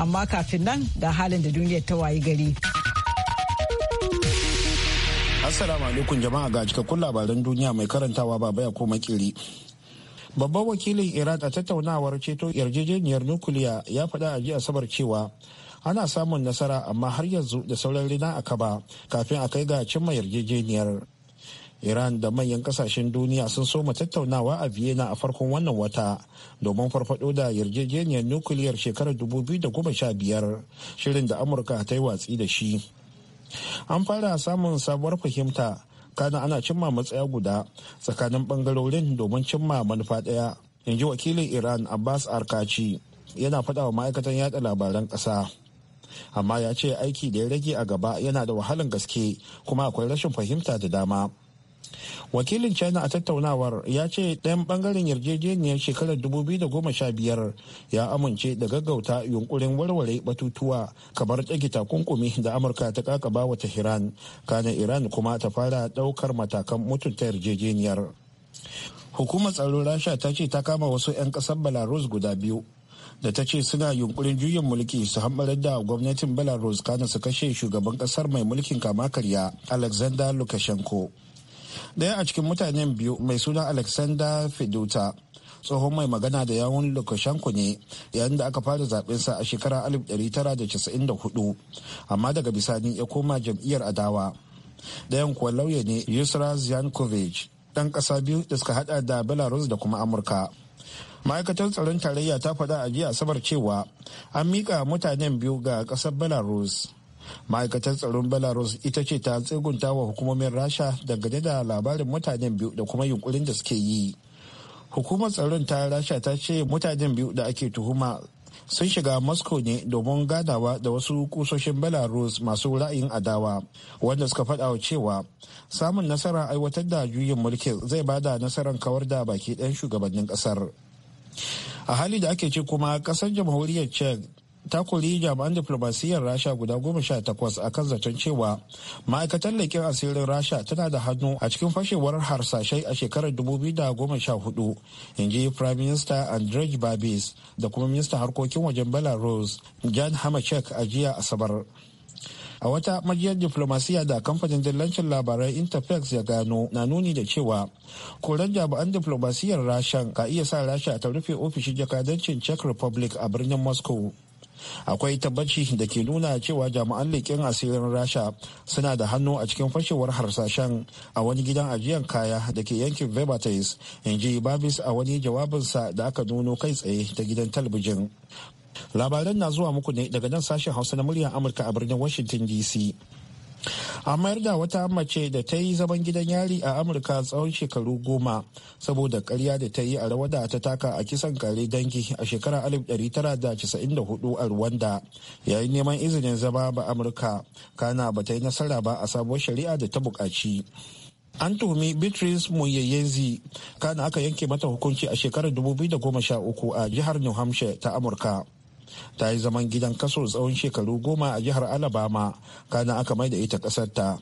amma kafin nan da halin da duniyar ta wayi gari. Assalamu alaikum jama'a ga cikakkun labaran duniya mai karantawa ba baya ko kiri. Babban wakilin Iraq a tattaunawar ceto yarjejeniyar nukiliya ya faɗa a jiya asabar cewa ana samun nasara amma har yanzu da sauran rina a kaba kafin a kai ga cimma yarjejeniyar. Iran da manyan kasashen duniya sun soma tattaunawa a Vienna a farkon wannan wata domin farfado da yarjejeniyar nukiliyar shekarar 2015 shirin da Amurka ta yi watsi da shi. An fara samun sabuwar fahimta kana ana cimma matsaya guda tsakanin bangarorin domin cimma manufa ɗaya in wakilin Iran Abbas Arkaci yana faɗa wa ma'aikatan yada labaran ƙasa. Amma ya ce aiki da ya rage a gaba yana da wahalan gaske kuma akwai rashin fahimta da dama. wakilin china a tattaunawar ya ce ɗayan bangaren yarjejeniyar shekarar 2015 ya amince da gaggauta yunkurin warware batutuwa kamar tsage takunkumi da amurka ta kaka kakaba wa tehran kana iran kuma ta fara ɗaukar matakan mutunta yarjejeniyar hukumar tsaro rasha ta ce ta kama wasu 'yan ƙasar belarus guda biyu da ta ce suna yunkurin juyin mulki su hambarar da gwamnatin belarus kana su kashe shugaban kasar mai mulkin kama karya alexander lukashenko daya a cikin mutanen biyu mai suna alexander fiduta tsohon mai magana da yawun lukashenko ne yayin da aka fara sa a shekara 1994 amma daga bisani ya koma jam'iyyar adawa dayan kuwa lauya ne yusra ziyankovic ɗan ƙasa biyu da suka hada da belarus da kuma amurka ma'aikatar tsaron tarayya ta faɗa a jiya asabar cewa an miƙa mutanen biyu ga ƙasar belarus ma'aikatar tsaron belarus ita ce ta tsegunta wa hukumomin rasha dangane da labarin mutanen biyu da kuma yunkurin da suke yi hukumar tsaron ta rasha ta ce mutanen biyu da ake tuhuma sun shiga moscow ne domin ganawa da wasu kusoshin belarus masu ra'ayin adawa wanda suka faɗa cewa samun nasarar aiwatar da juyin mulkin zai ba da nasarar kawar da baki ɗayan shugabannin ƙasar a hali da ake ce kuma ƙasar jamhuriyar czech ta kori jami'an diflomasiyyar rasha guda goma sha takwas a kan zaton cewa ma'aikatar leƙen asirin rasha tana da hannu a cikin fashewar harsashai a shekarar dubu biyu da 2014 in ji prime minister andrej babis da kuma ministan harkokin wajen belarus jan hamachek a jiya asabar a wata majiyar diflomasiyya da kamfanin dillancin labarai interfax ya gano na nuni da cewa koran jami'an diflomasiyyar rashan ka iya sa rasha ta rufe ofishin jakadancin czech republic a birnin moscow akwai tabbaci da ke nuna cewa jami'an leƙen asirin rasha suna da hannu a cikin fashewar harsashen a wani gidan ajiyar kaya da ke yankin verbatis in ji babis a wani jawabinsa da aka nuno kai tsaye ta gidan talabijin labaran na zuwa muku ne daga nan sashen hausa na muryar amurka a birnin washington dc a mayar da wata mace da ta yi zaman gidan yari a amurka tsawon shekaru goma saboda karya da ta yi a rawa da ta taka a kisan kare dangi a shekarar 1994 a rwanda yayin neman izinin zama ba amurka kana ba ta yi nasara ba a sabuwar shari'a da ta buƙaci an tuhumi beatrice muyayenzi kana aka yanke mata hukunci a shekarar 2013 a jihar new hampshire ta amurka ta yi zaman gidan kaso tsawon shekaru goma a jihar alabama kana aka mai da ita ƙasarta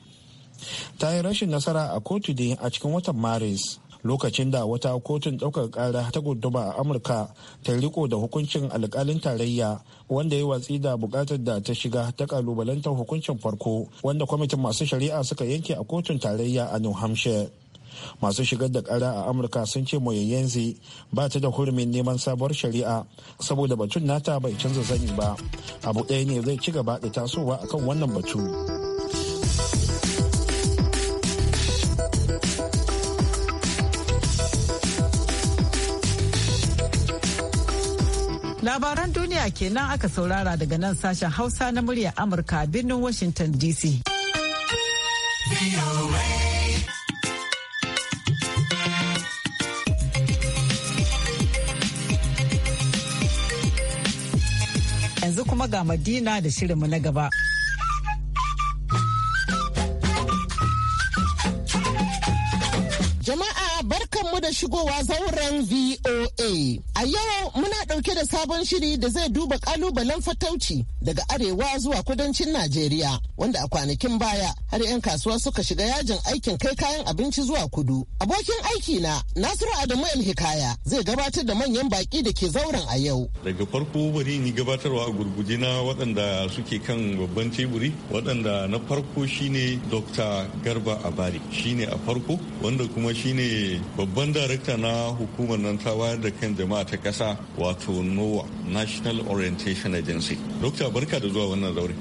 ta yi rashin nasara a kotu ne a cikin watan maris lokacin da wata kotun ɗaukar ƙara ta guduma a amurka ta riko da hukuncin alkalin tarayya wanda ya watsi da buƙatar da ta shiga ta ƙalubalantar hukuncin farko wanda kwamitin masu shari'a suka yanke a kotun tarayya a new hampshire masu shigar da kara a amurka sun ce moyayyenzi ba ta da hurumin neman sabuwar shari'a saboda batun nata bai canza zani ba abu ɗaya ne zai ci gaba da tasowa akan wannan batu labaran duniya kenan aka saurara daga nan sashen hausa na muryar amurka birnin washington dc yanzu kuma ga Madina da shirinmu na gaba. Jama'a barkanmu da shigowa zauren VOA. A yau muna ɗauke da sabon shiri da zai duba ƙalubalen fatauci daga arewa zuwa kudancin Najeriya wanda a kwanakin baya har 'yan kasuwa suka shiga yajin aikin kai kayan abinci zuwa kudu. Abokin aiki na Nasiru Adamu El Hikaya zai gabatar da manyan baƙi da ke zauren a yau. Daga farko bari ni gabatarwa a gurguje na waɗanda suke kan babban teburi waɗanda na farko shine Dr. Garba Abari shine a farko wanda kuma shine babban darakta na hukumar nan ta wayar da kan jama'a ta kasa wato NOAA National Orientation Agency. Dokta barka da zuwa wannan zaure.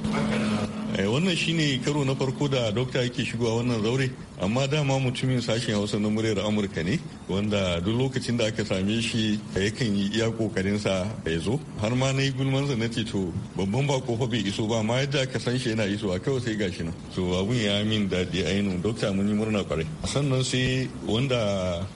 Eh, wannan shine karo na farko da dokta yake shigowa wannan zaure amma dama mutumin sashen hausa na muryar amurka ne wanda duk lokacin da aka same shi yakan yi iya kokarinsa ya zo har ma na yi gulman sa na ce to babban bako fa bai iso ba ma yadda aka san shi yana iso a kawai sai gashi nan to abun ya min daɗi ainihin dokta mun yi murna kwarai sannan sai wanda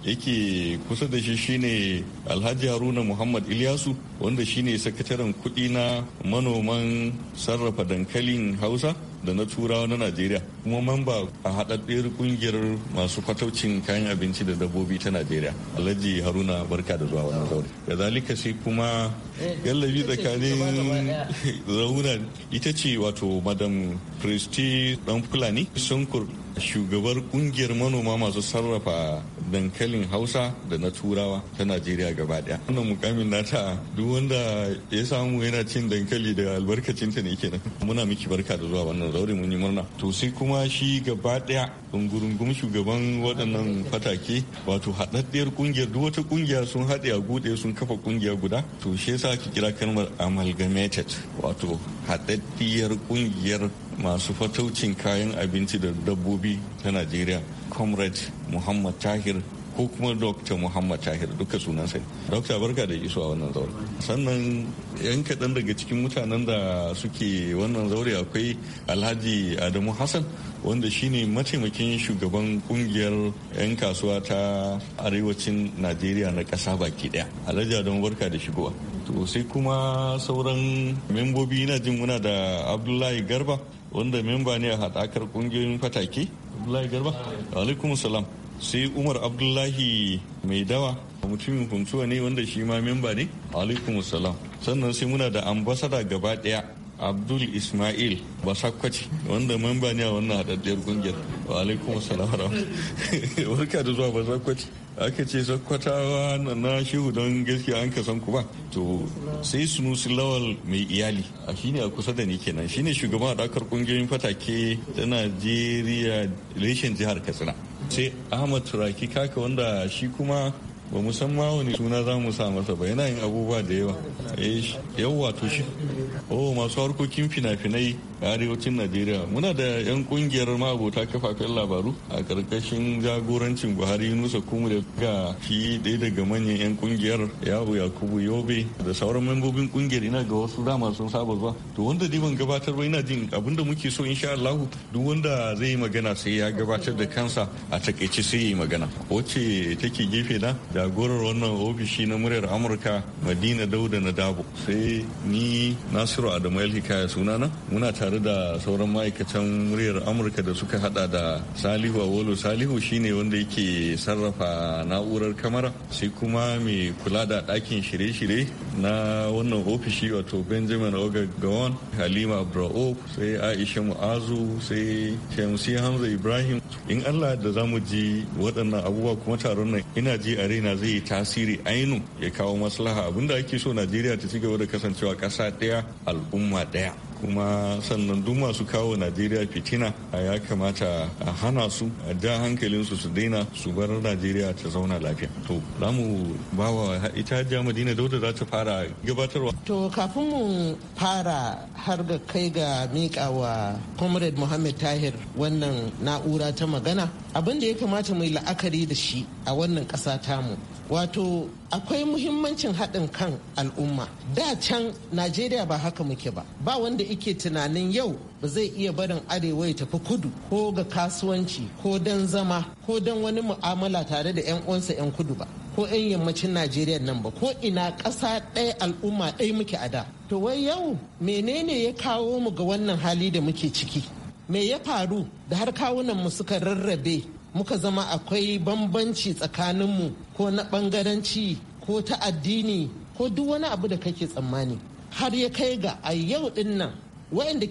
yake kusa da shi shine alhaji haruna muhammad ilyasu wanda shine sakataren kuɗi na manoman sarrafa dankalin hausa da na turawa na najeriya kuma mamba a haɗaɗɗiyar ƙungiyar masu fataucin kayan abinci da dabbobi ta najeriya alhaji haruna barka da zuwa wannan zaure zalika sai kuma yallabi tsakanin zauna ita ce wato madam christy dan fulani sunkur shugabar kungiyar manoma masu sarrafa dankalin hausa da na turawa ta najeriya gaba daya wannan mukamin nata duk wanda ya samu yana cin dankali da albarkacin ta ne kenan muna miki barka da zuwa wannan zaure mun yi murna to sai kuma shi gaba daya dungurungum shugaban waɗannan fatake wato haɗaɗɗiyar kungiyar duk wata kungiya sun haɗe a gude sun kafa kungiya guda to shi yasa ki kira kalmar amalgamated wato haɗaɗɗiyar kungiyar masu fataucin kayan abinci da dabbobi ta najeriya comrade muhammad tahir ko kuma dr muhammad tahir duka sunansa dr barka da isuwa wannan zaure sannan yan kaɗan daga cikin mutanen da suke wannan zaure akwai alhaji adamu hassan wanda shine mataimakin shugaban kungiyar 'yan kasuwa ta arewacin najeriya na ƙasa baki ɗaya alhaji adamu barka da shigowa to sai kuma sauran membobi na jin muna da abdullahi garba wanda memba ne a haɗakar ƙungiyoyin fatake abdullahi garba alaikum salam sai umar abdullahi mai dawa mutumin kuntuwa ne wanda shi ma memba ne alaikum salam sannan sai muna da ambasada gaba daya abdul ismail basakwaci wanda memba ne a wannan haɗaɗɗiyar ƙungiyar wa alaikum salam barka da zuwa basakwaci aka ce sakkwatawa na shehu don gaskiya an kasan ku ba to sai sunusi lawal mai iyali a shine a kusa da ni kenan shine shugaban aɗakar ƙungiyoyin fatake ta najeriya reshen jihar katsina sai ahmad turaki kaka wanda shi kuma ba mu wani suna za mu sa masa ba yana yin abubuwa da yawa eh, yawa to shi oh masu harkokin fina-finai a arewacin najeriya muna da 'yan kungiyar ma'abota kafafen labaru a karkashin jagorancin buhari yunusa kuma da ga shi ɗaya daga manyan 'yan kungiyar yahu yakubu yobe da sauran membobin kungiyar ina ga wasu dama sun saba zuwa to wanda dai ban gabatar ba ina jin abin da muke so insha allahu duk wanda zai yi magana sai ya gabatar da kansa a takaice sai ya yi magana wacce take gefe na jagorar wannan ofishi na muryar amurka madina dauda na dabo sai ni na nasiru adamu elhikaya sunana muna tare da sauran ma'aikatan muryar amurka da suka hada da salihu a awolo salihu shine wanda yake sarrafa na'urar kamara sai kuma mai kula da ɗakin shirye-shirye na wannan ofishi wato benjamin oga gawon halima abrao sai aisha mu'azu sai shamsi hamza ibrahim in allah da za mu ji waɗannan abubuwa kuma taron nan ina ji a raina zai yi tasiri ainu ya kawo maslaha abinda ake so najeriya ta ci gaba da kasancewa ƙasa ɗaya al'umma ɗaya kuma sannan duk masu kawo najeriya fitina a ya kamata a hana su a ja hankalinsu su daina su bar najeriya ta zauna lafiya to za mu ba wa ita ja madina dauda za ta fara gabatarwa to kafin mu fara har ga kai ga miƙa wa comrade muhammad tahir wannan na'ura ta magana abin da ya kamata mai la'akari da shi a wannan ƙasa tamu wato akwai muhimmancin haɗin kan al'umma da can najeriya ba haka muke ba ba wanda ike tunanin yau ba zai iya barin arewa ya tafi kudu ko ga kasuwanci ko don zama ko don wani mu'amala tare da 'yan uwansa 'yan kudu ba ko 'yan yammacin najeriya nan ba ko ina ƙasa ɗaya al'umma ɗaya muke a da to wai yau menene ya kawo mu ga wannan hali da muke ciki me ya faru da har mu suka rarrabe muka zama akwai bambanci tsakaninmu ko na bangaranci ko ta addini ko duk wani abu da kake tsammani har ya kai ga a yau din nan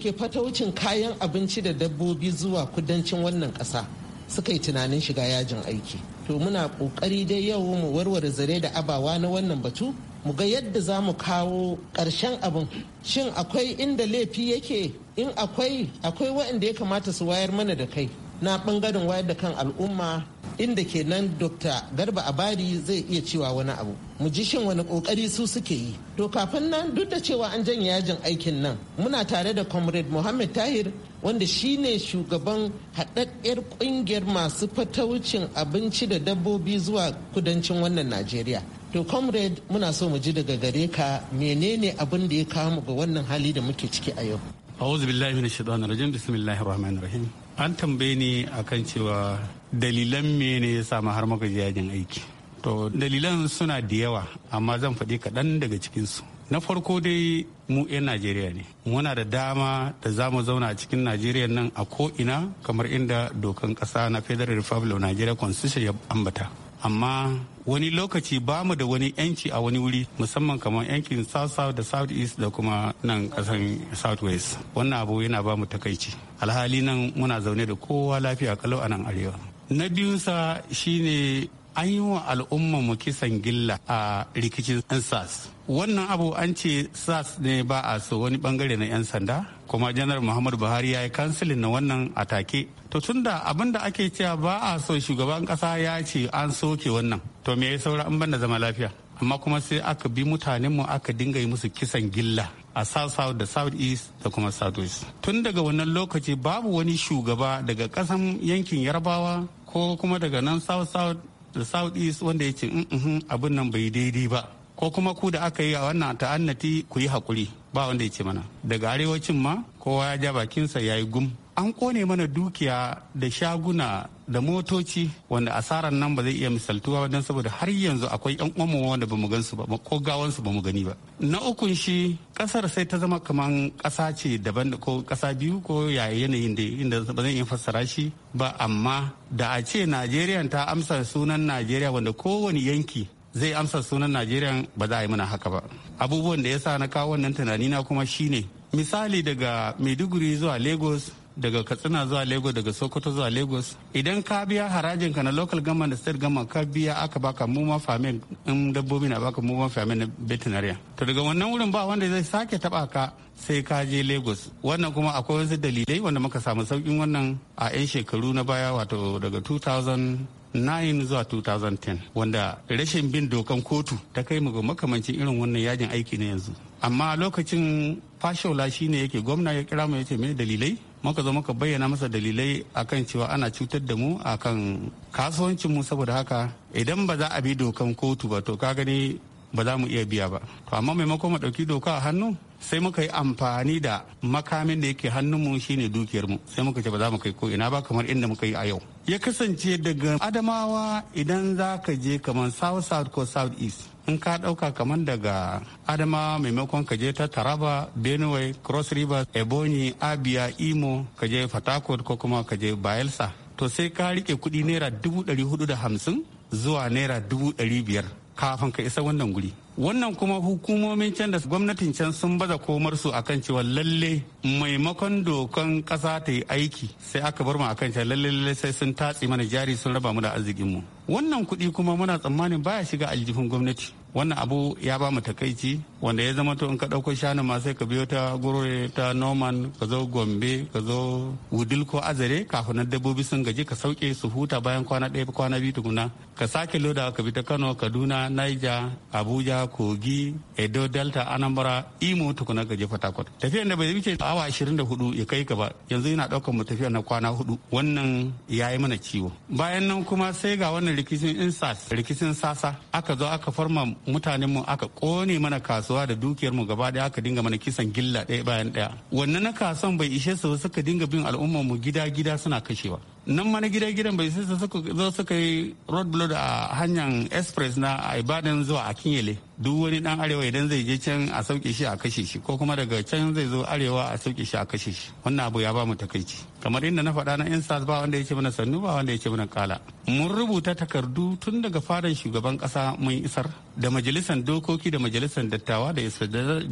ke fataucin kayan abinci da dabbobi zuwa kudancin wannan ƙasa suka yi tunanin shiga yajin aiki to muna ƙoƙari dai yau mu warware zare da abawa na wannan batu mu ga yadda za mu kawo ƙarshen abin shin akwai inda laifi yake in akwai akwai waɗanda ya kamata su wayar mana da kai na ɓangaren wayar da kan al'umma inda ke nan dr garba abari zai iya cewa wani abu mu ji shin wani kokari su suke yi to kafin nan duk da cewa an janye yajin aikin nan muna tare da comrade mohammed tahir wanda shine shugaban haɗaɗɗiyar ƙungiyar masu fataucin abinci da dabbobi zuwa kudancin wannan najeriya To comrade muna so mu ji daga gare ka menene abin da ya kawo mu ga wannan hali da muke ciki a yau. A'udhu billahi minash shaitanir rajim bismillahir rahmanir rahim. An tambaye ni akan cewa dalilan mene ya sa har muka yajin aiki. To dalilan suna da yawa amma zan faɗi kaɗan daga cikin su na farko dai mu 'yan najeriya ne muna da dama da za mu zauna a cikin najeriya nan a ko'ina kamar inda dokan ƙasa na federal republic of nigeria constitution ya ambata amma wani lokaci ba mu da wani yanci a wani wuri musamman kamar yankin south south da south east da kuma nan kasan south west wannan abu yana ba mu takaici alhali nan muna zaune da kowa lafiya kalau a nan arewa na biyunsa shine an yi wa al'umman mu kisan gilla a rikicin sas wannan abu an ce sas ne ba a so wani bangare na 'yan sanda kuma janar muhammadu buhari ya yi kansilin na wannan atake to tun da abin da ake cewa ba a so shugaban kasa ya ce an soke wannan to me ya saura an banda zama lafiya amma kuma sai aka bi mutanen mu aka dinga yi musu kisan gilla a south south da south east da kuma south west tun daga wannan lokaci babu wani shugaba daga kasan yankin yarbawa ko kuma daga nan south south da saudi wanda ya ce mm, mm, abin nan bai daidai ba ko kuma ku da aka yi a wannan ta'annati ku yi hakuri ba wanda ya ce mana daga arewacin ma kowa ya ja bakinsa ya yi gum an kone mana dukiya da shaguna da motoci wanda asarar nan ba zai iya misaltuwa ba don saboda har yanzu akwai yan uwanmu wanda bamu gansu ba ko gawansu bamu gani ba na ukun shi kasar sai ta zama kaman kasa ce daban ko kasa biyu ko yaya yanayin da inda ba zan iya fassara shi ba amma da a ce najeriya ta amsa sunan najeriya wanda kowane yanki zai amsa sunan najeriya ba za a yi mana haka ba abubuwan da ya sa na kawo wannan tunani na kuma shine misali daga maiduguri zuwa lagos daga katsina zuwa lagos daga sokoto zuwa lagos idan ka biya harajin ka na local gama da state gama ka biya aka baka muma famin in dabbobi na baka muma famin na veterinarian to daga wannan wurin ba wanda zai sake taba ka sai ka je lagos wannan kuma akwai wasu dalilai wanda muka samu saukin wannan a 'yan shekaru na baya wato daga 9 zuwa 2010 wanda rashin bin dokan kotu ta kai mu ga makamancin irin wannan yajin aiki na yanzu amma lokacin fashola shine yake gwamna ya kira mu ya ce me dalilai muka zo ka bayyana masa dalilai akan cewa ana cutar da mu akan kasuwancin mu saboda haka idan ba za a bi dokan kotu ba to ka gani ba za mu iya biya ba to amma maimakon mu dauki doka a hannu sai muka yi amfani da makamin da yake hannun mu shine mu sai muka ce ba za mu kai ko ina ba kamar inda muka yi a yau ya kasance daga adamawa idan za ka je kamar south south ko south east in ka ɗauka kamar daga adama maimakon ka je ta taraba benue cross rivers ebonyi abia imo ka je fatakot ko kuma ka je bayelsa to sai ka rike kudi naira dubu ɗari hudu da hamsin zuwa naira dubu ɗari biyar kafin ka isa wannan guri wannan kuma hukumomin can da gwamnatin can sun baza komar su akan cewa lalle maimakon dokan kasa ta yi aiki sai aka bar mu akan cewa lalle sai sun tatsi mana jari sun raba mu da arzikin mu. wannan kuɗi kuma muna tsammanin baya shiga aljihun gwamnati wannan abu ya ba mu takaici wanda ya zama to in ka ɗauko shanu ma sai ka biyo ta gurure ta noman ka zo gombe ka zo wudil ko azare kafin na dabbobi sun gaji ka sauke su huta bayan kwana ɗaya kwana biyu tukuna ka sake loda ka bi ta kano kaduna naija abuja kogi edo delta anambra imo tukuna gaji je fatakwat tafiyan da bai wuce awa ashirin da hudu ya kai ka ba yanzu yana ɗaukar mu tafiya na kwana hudu wannan ya yi mana ciwo bayan nan kuma sai ga wannan rikicin insas rikicin sasa aka zo aka farma mutanen mu aka kone mana kasuwa da dukiyarmu gaba ɗaya aka dinga mana kisan gilla ɗaya bayan ɗaya wanne na kasuwan bai ishe su suka dinga bin al'ummarmu gida gida suna kashewa nan mana gida gidan bai sai suka zo suka yi road blood a hanyar express na ibadan zuwa a akinyele duk wani dan arewa idan zai je can a sauke shi a kashe shi ko kuma daga can zai zo arewa a sauke shi a kashe shi wannan abu ya ba mu takaici kamar inda na faɗa na insas ba wanda ya ce mana sannu ba wanda ya ce mana kala mun rubuta takardu tun daga fadan shugaban kasa mun isar da majalisar dokoki da majalisar dattawa da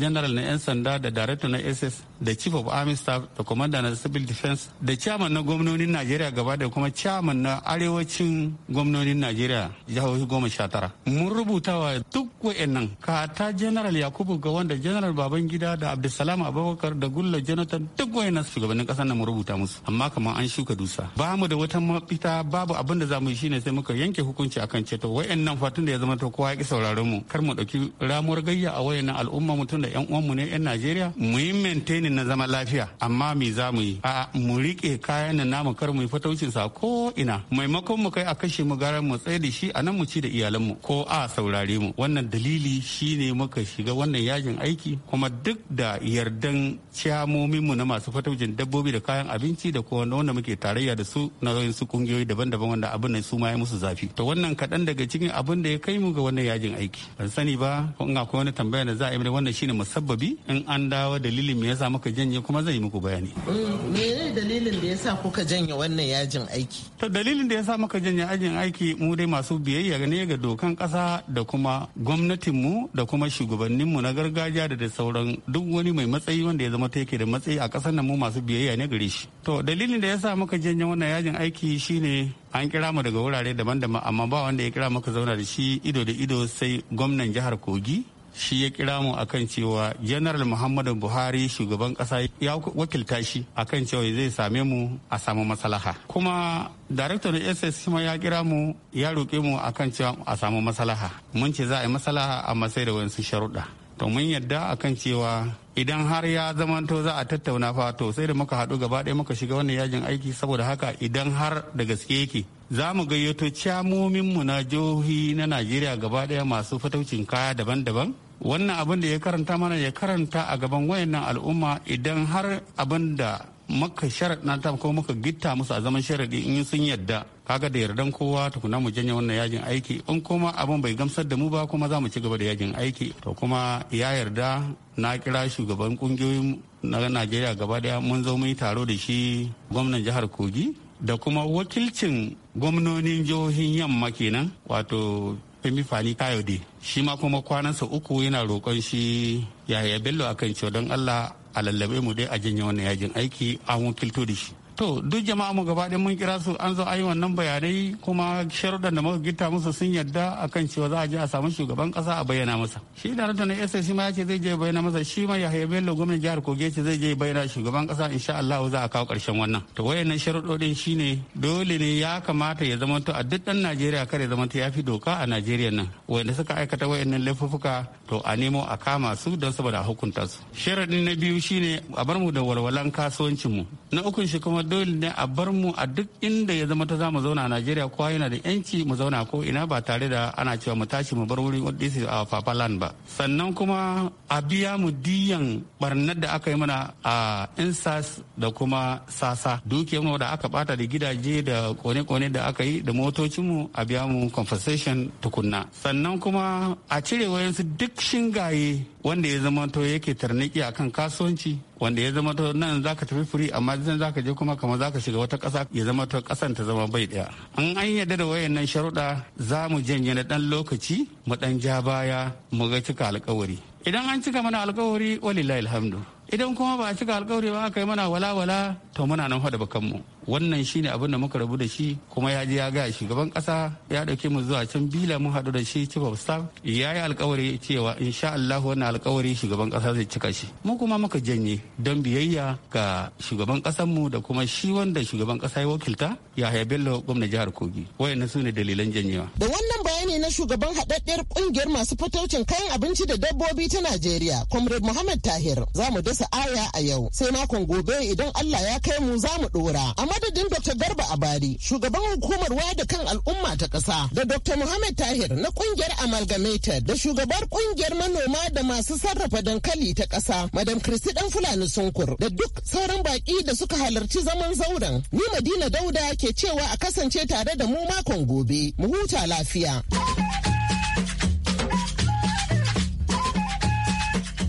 general na 'yan sanda da director na ss da chief of army staff da commander na civil defense da chairman na gwamnonin najeriya gaba da kuma chairman na arewacin gwamnonin najeriya jihohi goma sha tara mun rubuta wa duk wa'annan nan ka ta general yakubu ga wanda general babangida da abdulsalam abubakar da gulla jonathan duk nasu shugabannin kasar nan mu rubuta musu amma kamar an shuka dusa ba mu da wata mafita babu abin da za mu yi shine sai muka yanke hukunci akan ceto nan fatun da ya zama to kowa ya ki sauraron mu kar mu dauki ramuwar gayya a wayannan al'umma tun da yan uwan mu ne yan Najeriya mu yi maintaining na zama lafiya amma me za mu yi a mu rike kayan nan namu kar mu yi fataucin sa ko ina maimakon mu kai a kashe mu garan mu tsaye da shi a nan mu ci da iyalan mu ko a saurare mu wannan dalili shi shine muka shiga wannan yajin aiki kuma duk da yardan mu na masu fataujin dabbobi da kayan abinci da kuma wanda muke tarayya da su na su kungiyoyi daban-daban wanda abin nan su ma ya musu zafi to wannan kaɗan daga cikin abin da ya kai mu ga wannan yajin aiki ban sani ba ko in akwai wani tambaya da za a yi mana wannan shine musabbabi in an dawo dalilin me yasa muka janye kuma zai yi muku bayani mm, menene dalilin da yasa kuka janye wannan yajin aiki to dalilin da yasa muka janye yajin aiki mu dai masu biyayya ne ga dokan kasa da kuma gwamnati mu da kuma shugabanninmu na gargajiya da da sauran duk wani mai matsayi wanda ya zama ta yake da matsayi a ƙasar nan mu masu biyayya ne gare shi. To dalilin da ya sa muka janye wannan yajin aiki shine an kira mu daga wurare daban-daban amma ba wanda ya kira muka zauna da shi ido da ido sai gwamnan jihar Kogi shi ya kira mu akan cewa general muhammadu buhari shugaban kasa ya wakilta shi kan cewa zai same mu a samu masalaha kuma director na ss kuma ya kira mu ya roƙe mu akan cewa a samu masalaha mun ce za a yi masalaha amma sai da wani sharuɗa to mun yadda akan cewa idan har ya zamanto za a tattauna fa to sai da muka haɗu gaba ɗaya muka shiga wannan yajin aiki saboda haka idan har da gaske yake za mu gayyato camomin mu na jihohi na najeriya gaba daya masu fataucin kaya daban-daban wannan abin da ya karanta mana ya karanta a gaban wayannan al'umma idan har abin da maka sharaɗa ta ko maka gitta musu a zaman sharaɗi in sun yadda kaga da yardan kowa tukuna mu janye wannan yajin aiki in kuma abin bai gamsar da mu ba kuma za mu ci gaba da yajin aiki to kuma ya yarda na kira shugaban kungiyoyin na najeriya gaba daya mun zo mun yi taro da shi gwamnan jihar kogi da kuma wakilcin gwamnonin jihohin yamma kenan wato Femi Fani Kayode shi ma kuma kwanansa uku yana roƙon shi Yahaya Bello akan cewa don Allah a lallabe mu dai a janye wannan yajin aiki an wakilto da shi to duk jama'a mu gaba mun kira su an zo ayi wannan bayanai kuma sharuɗan da muka gita musu sun yadda kan cewa za a je a samu shugaban kasa a bayyana masa shi da rata na SS shi ma ya ce zai je bayyana masa shi ma Yahaya Bello gwamnatin jihar Kogi ce zai je bayyana shugaban kasa insha Allah za a kawo ƙarshen wannan to wayannan sharuɗoɗin shine dole ne ya kamata ya zama to a duk ɗan Najeriya kare zama ta ya fi doka a Najeriya nan wanda suka aikata wayannan laifuffuka to a nemo a kama su don saboda a hukunta su sharaɗin na biyu shine a bar mu da walwalan kasuwancin mu na ukun shi kuma dole ne a bar mu a duk inda ya zama ta za mu zauna a najeriya kowa yana da yanci mu zauna ko ina ba tare da ana cewa mu tashi mu bar wuri this is our land ba sannan kuma a biya mu diyan barnar da aka yi mana a insas da kuma sasa dukiyar mu da aka bata da gidaje da kone-kone da aka yi da motocin mu a biya mu compensation tukunna sannan kuma a cire wayansu duk shingaye wanda ya zama to yake tarniki akan kasuwanci wanda ya zama nan za ka tafi firi amma zan za ka je kuma kamar za ka shiga wata kasa ya zama ta ƙasan ta zama bai ɗaya an an yadda da wayannan sharuɗa za mu janye na ɗan lokaci mu ɗan ja baya mu ga cika alkawari idan an cika mana alƙawari walillahi alhamdu idan kuma ba a cika alkawari ba aka yi mana wala wala to muna nan da bakanmu wannan shine abin da muka rabu da shi kuma ya je ya ga shugaban kasa ya dauke mu zuwa can bila mun hadu da shi chief of staff ya yi alkawari cewa insha Allah wannan alkawari shugaban kasa zai cika shi mu kuma muka janye don biyayya ga shugaban mu da kuma shi wanda shugaban kasa ya wakilta Yahaya Bello gwamnan jihar Kogi wayannan su ne dalilan janyewa da wannan bayani na shugaban haɗaɗɗiyar kungiyar masu fitocin kayan abinci da dabbobi ta Najeriya Comrade Muhammad Tahir za mu dasa aya a yau sai makon gobe idan Allah ya kai mu za mu ɗora. A madadin Dr. Garba Abari, shugaban hukumar waya da kan al'umma ta ƙasa da Dr. Muhammad Tahir na ƙungiyar Amalgamated da shugabar ƙungiyar manoma da masu sarrafa dankali ta ƙasa, Madam Kristi Dan Fulani Sunkur da duk sauran baƙi da suka halarci zaman zauren. Ni Madina Dauda ke cewa a kasance tare da mu makon gobe. Mu huta lafiya.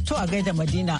To a gaida Madina.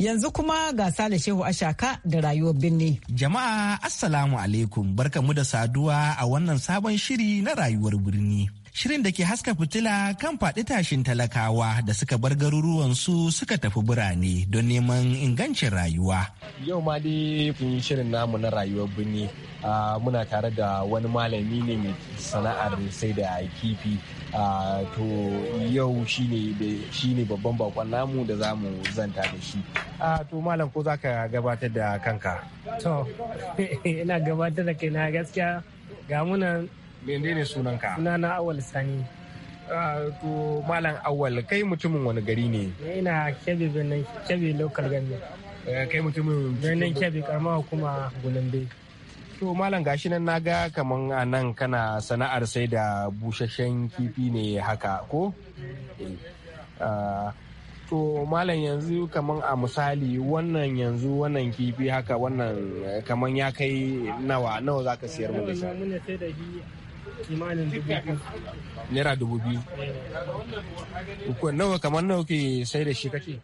Yanzu kuma ga Sale Shehu Ashaka da rayuwar birni. Jama'a Assalamu alaikum barkamu da saduwa a wannan sabon shiri na rayuwar birni. Shirin da ke haska fitila kan faɗi tashin talakawa da suka bar garuruwan su suka tafi birane don neman ingancin rayuwa. Yau ma dai shirin namu na rayuwar birni ah, muna tare da wani malami ne mai sana'ar sai da kifi Ah, to yau shi ne babban bakon namu da za mu zanta da shi ah, to malam ko za ka gabatar da kanka to ina gabatar da kaina gaskiya ga munan ne sunanka sunana awal sani ah, to malam awal kai mutumin wani gari ne ina kebe benin kebe lokal government eh, kai mutumin benin kebe karmawa kuma gulambe To malam gashi nan naga kaman a nan kana sana'ar sai da busasshen kifi ne haka ko? Eh, to malam yanzu kaman a misali wannan yanzu wannan kifi haka wannan eh, kaman ya kai nawa nawa za ka siyar mu da kimanin dubu biyu. Naira dubu biyu. Nawa kamar nawa ke sai da shi kake?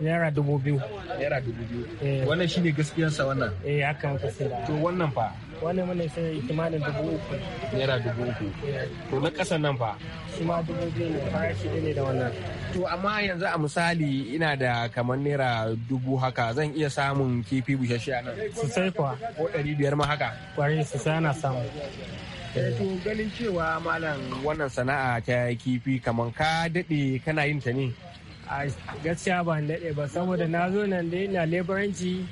naira dubu biyu naira dubu biyu eh. wannan shine gaskiyansa wannan eh haka muka sai to wannan fa wannan mun sai kimanin dubu uku naira dubu uku eh. to na kasan nan fa shi ma dubu biyu ne farashi ne da wannan to amma yanzu a misali ina da kamar naira dubu haka zan iya samun kifi bushashiya a nan sai kuwa ko ɗari biyar ma haka kwarai sai ana samu eh, to ganin cewa malam wannan sana'a ta kifi kamar ka daɗe kana yin ta ne a gaskiya ba ni daɗe ba saboda na zo nan dai na leburanci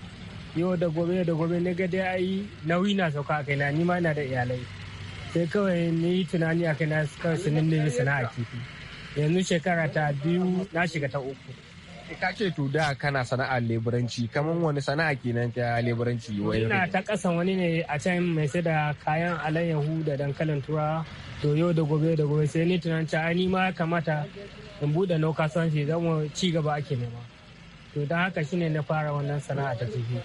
yau da gobe da gobe na ga dai ai nauyi na sauka a kaina ni ma na da iyalai sai kawai ni yi tunani a kaina kawai su nemi sana'a kifi yanzu shekara ta biyu na shiga ta uku eh, ka ce to da kana sana'ar leburanci kamar wani sana'a kenan ta leburanci wai ina ta kasan wani ne a can mai sai da kayan alayyahu da dankalin tura to yau da gobe da gobe sai ni tunanin a ni ma kamata in buɗe nau kasuwanci zan ci gaba ake nema to don haka shine na fara wannan sana'a ta ciki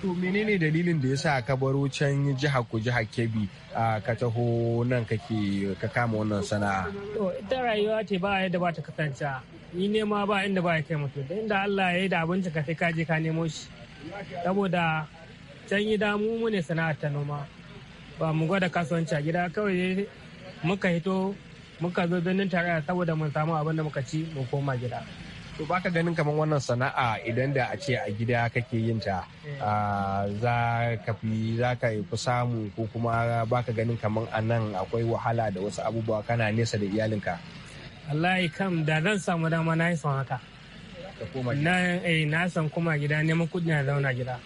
to menene dalilin da yasa ka baro can jiha ku jiha kebbi ka taho nan kake ka kama wannan sana'a to ita rayuwa ce ba yadda ba ta kasance ni nema ba inda ba ya kai mutum da inda Allah ya yi da abinci ka sai ka je ka nemo shi saboda can gida mu ne sana'ar ta noma ba mu gwada kasuwanci a gida kawai muka hito muka zo birnin tarayya saboda mun samu abin da muka ci mu koma gida to baka ganin kamar wannan sana'a idan da a ce a gida kake yin ta eh. za ka fi za ka fi samu ko kuma baka ganin kamar a nan akwai wahala da wasu abubuwa kana nesa da iyalinka wallahi kam da zan samu dama na yi son haka eh, na san kuma gida neman kudi na zauna gida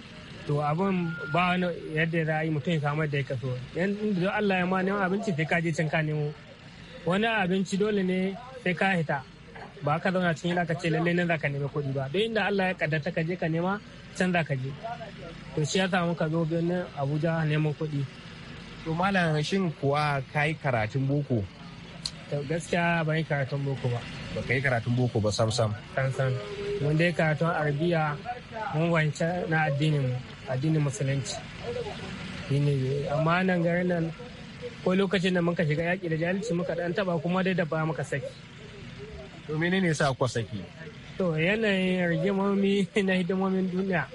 to abin ba wani yadda za a yi mutum ya samu da ya kaso yanzu Allah ya ma neman abinci sai ka je can ka nemo wani abinci dole ne sai ka hita ba ka zauna cikin ka ce lallai nan zaka nemi kuɗi ba don inda Allah ya kaddata ka je ka nema can zaka je to shi ya samu ka zo birnin Abuja neman kuɗi to malam shin kuwa kai karatun boko to gaskiya ban yi karatun boko ba ba ka yi karatun boko ba sam sam sam sam wanda ya karatun arabiya mun wance na addinin addinin musulunci amma nan garin nan ko lokacin da muka shiga yaƙi da jahilci muka dan taba kuma dai da ba muka saki to menene sa ku saki to yanayin rigimomi na hidimomin duniya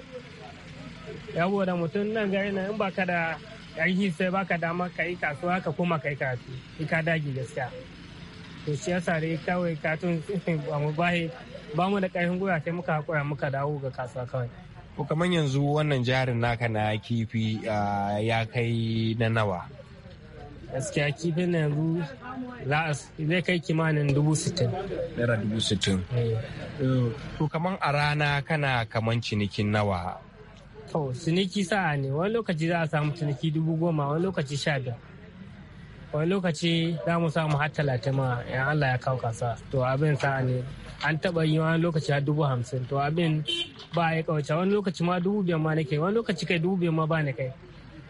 yabo da mutum nan gari na in baka da ƙarfi sai baka dama ka yi kasuwa ka koma ka yi karatu in ka dagi gaskiya to shi yasa kawai katun ba mu ba mu da ƙarfin gwiwa sai muka haƙura muka dawo ga kasuwa kawai ko kamar yanzu wannan jarin naka na kifi ah, ya kai na nawa gaskiya kifin na yanzu zai kai kimanin dubu sittin naira dubu sittin eh. to kaman a rana kana kaman cinikin nawa to ciniki sa'a ne wani lokaci za a samu ciniki dubu goma wani lokaci sha biyar wani lokaci za mu samu har talatin ma in allah ya kawo kasa to abin sa'a ne an taɓa yi wani lokaci har dubu hamsin to abin ba yi kawace wani lokaci ma dubu biyar ma nake wani lokaci kai dubu biyar ma ba ni kai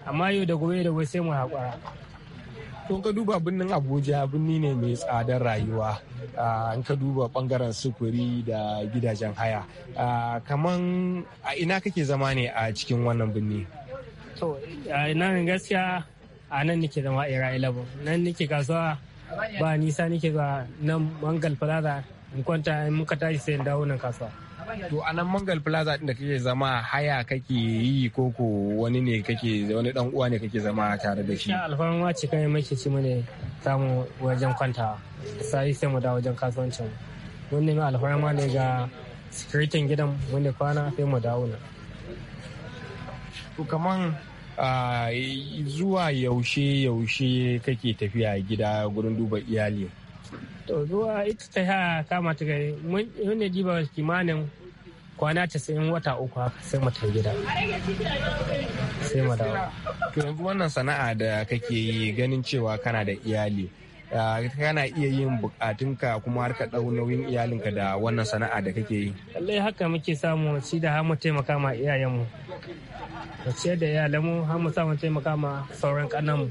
amma yau da gobe da gobe sai mu haƙura Don ka duba birnin Abuja birni ne mai tsadar rayuwa. an ka duba bangaren sufuri da gidajen haya. Kaman a ina kake zama ne a cikin wannan birni? To, nan gaskiya a nan nake zama a Elabo. Nan nake kasuwa ba nisa nake zuwa nan Mangal Plaza in kwanta in muka tashi sai in dawo nan kasuwa. To a nan Mangal Plaza din da kake zama haya kake yi ko ko wani ne kake wani dan uwa ne kake zama tare da shi. Alfarma ce kai mai ci mu ne samu wajen kwanta Sai sai mu da wajen kasuwancin. Mun ne alfarma ne ga sikiritin gidan wanda kwana sai mu dawo nan. To kaman zuwa yaushe yaushe kake tafiya gida gurin duba iyali. to zuwa ita ta ya kama ta gari mun ne diba kimanin kwana casa'in wata uku haka sai mu gida sai mu dawo to yanzu wannan sana'a da kake yi ganin cewa kana da iyali kana iya yin bukatunka kuma har ka ɗau nauyin iyalinka da wannan sana'a da kake yi lallai haka muke samu shi da hamu taimaka ma iyayenmu mu ciyar da iyalanmu hamu samu taimaka ma sauran kananmu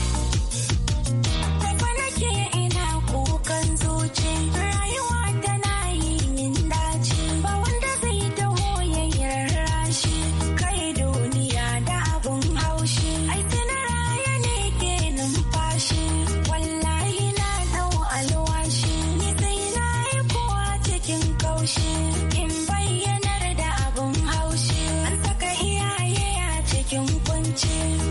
Bye.